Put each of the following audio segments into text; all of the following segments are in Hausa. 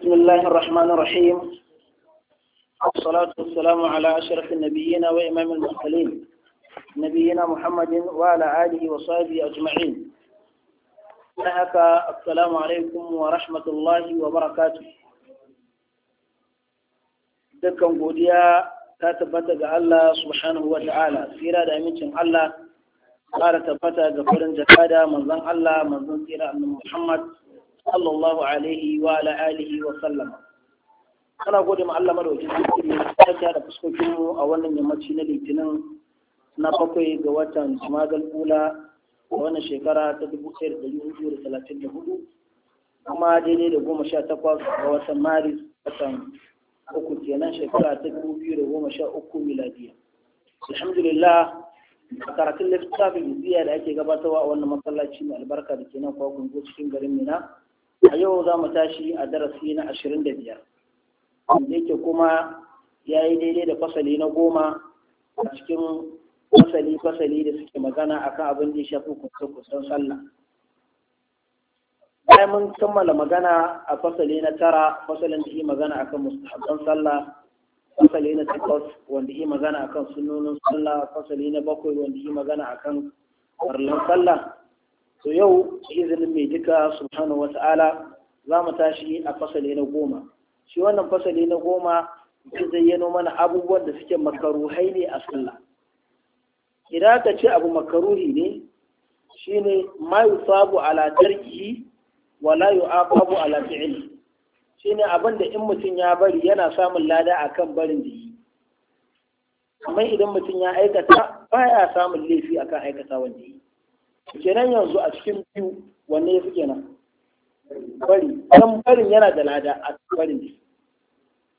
بسم الله الرحمن الرحيم والصلاة والسلام على أشرف النبيين وإمام المرسلين نبينا محمد وعلى آله وصحبه أجمعين نهك السلام عليكم ورحمة الله وبركاته دكم godiya ta الله سبحانه وتعالى subhanahu wa ta'ala tsira da amincin Allah ƙara tabbata ga farin jakada manzon Allah sallallahu alaihi wa ala alihi wa sallama ana gode ma Allah madaukakin sarki mai tsaka da fuskokin mu a wannan yammaci na litinin na bakwai ga watan Jumadal Ula a wannan shekara ta 1434 kuma daidai da goma sha takwas ga watan Maris watan uku kenan shekara ta 2013 miladiya alhamdulillah a karatun littafin biya da ake gabatarwa a wannan masallaci mai albarka da ke nan kwakwan cikin garin mina a yau za mu tashi a darasi na ashirin da biyar wanda yake kuma ya yi daidai da fasali na goma a cikin fasali-fasali da suke magana a kan abin da ya shafi kusan sallah bayan mun kammala magana a fasali na tara fasalin da yi magana kan mustahabban sallah fasali na takwas wanda yi magana a kan sunonin sallah fasali na bakwai wanda yi magana a kan farlan sallah to yau izinin mai duka subhanahu ta'ala za mu tashi a fasali na goma shi wannan fasali na goma zai zayyano mana abubuwan da suke makaruhai ne a sallah idan ka ce abu makaruhi ne shine ma yusabu ala tarkihi wa la yu'aqabu ala fi'li shine abin da in mutum ya bari yana samun lada akan barin da yi amma idan mutum ya aikata baya samun laifi akan aikata wanda yi kenan yanzu a cikin biyu wanne ya fi kenan bari dan barin yana da lada a barin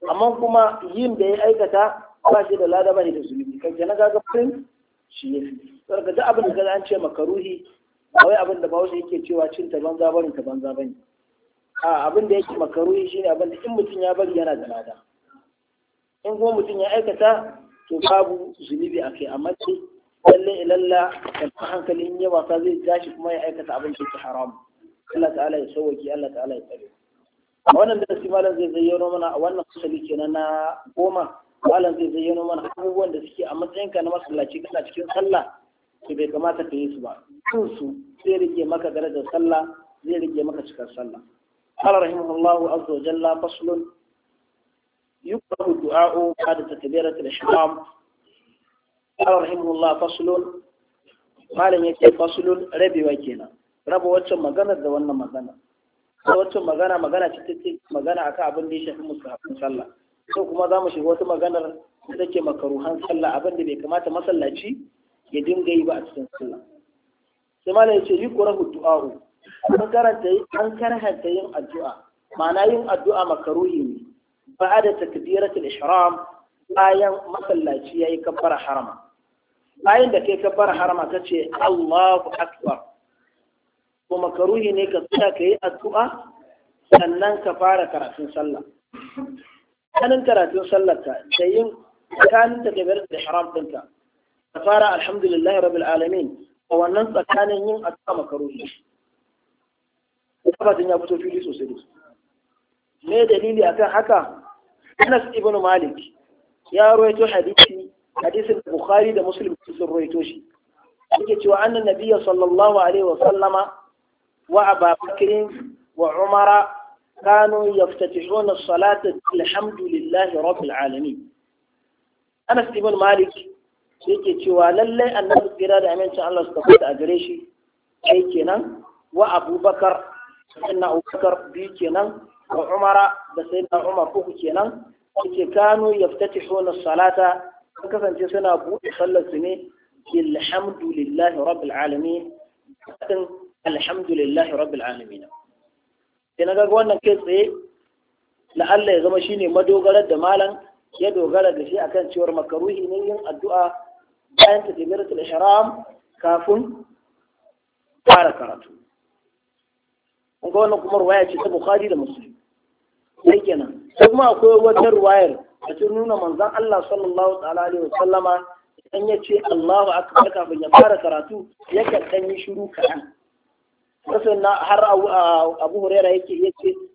amma kuma yin da ya aikata ba shi da lada ba ne da zunubi kan kenan ga barin shi ya fi sarka da abin da ga an ce makaruhi ba wai abin da ba bahaushe yake cewa cin ta banza barin ta banza bane a abin da yake makaruhi shine abin da in mutum ya bari yana da lada in kuma mutum ya aikata to babu zunubi a kai amma dai lalle ilalla da hankalin yawa ta zai tashi kuma ya aikata abin da haram Allah ta'ala ya sauwaki Allah ta'ala ya tsare a wannan da darasi malam zai zayyano mana a wannan fasali kenan na goma malam zai zayyano mana abubuwan da suke a matsayinka na masallaci kana cikin sallah to bai kamata ka yi su ba kansu zai rike maka darajar sallah zai rike maka cikar sallah قال رحمه الله عز وجل فصل يكره الدعاء بعد تكبيرة الإحرام قال رحمه الله فصل malam yake fasulun rabewa kenan raba waccan maganar da wannan magana ko waccan magana magana ce take magana ka abin da ya shafi musahabin sallah ko kuma za mu shiga wata maganar da take makaruhan sallah abin da bai kamata masallaci ya dinga yi ba a cikin sallah sai malam yace yi an karanta yin addu'a mana yin addu'a makaruhi ne bayan masallaci yayi kabbara harama bayan da kai kabbar harama ka ce Allahu akbar ko makaruhi ne ka tsaya ka yi addu'a sannan ka fara karatun sallah kanin karatun Sallah ta da yin tsakanin ta gabar da haram ɗinka ka fara alhamdulillah rabbil alamin a wannan tsakanin yin addu'a makaruhi kafatin ya fito fili sosai da me dalili akan haka Anas ibn Malik ya rawaito hadisi hadisin bukhari da muslim sun rawaito shi yake cewa annan nabiyya sallallahu alaihi wa sallama wa ababakirin wa umara كانوا يفتتحون الصلاة الحمد لله رب العالمين أنس ابن مالك yake cewa lallai annabi tsira da amincin Allah su tabbata a gare shi kai kenan wa abubakar sayyidina abubakar biyu kenan wa umara da sayyidina umar uku kenan yake kanu yaftatihuna salata sun kasance suna buɗe sallar su ne alhamdulillahi rabbil alamin din alhamdulillahi rabbil alamin sai na ga wannan kai tsaye la'alla ya zama shine madogarar da malam ya dogara da shi akan cewar makaruhi ne yin addu'a bayan ta takbiratul ihram kafin fara karatu kun ga wannan kuma ruwaya ce ta bukhari da muslim sai kenan sai kuma akwai wata ruwayar cikin nuna manzon Allah sallallahu alaihi ya ce Allahu akbar kafin ya fara karatu yakan dan yi shiru kaɗan. Rasul na har Abu Huraira yake yace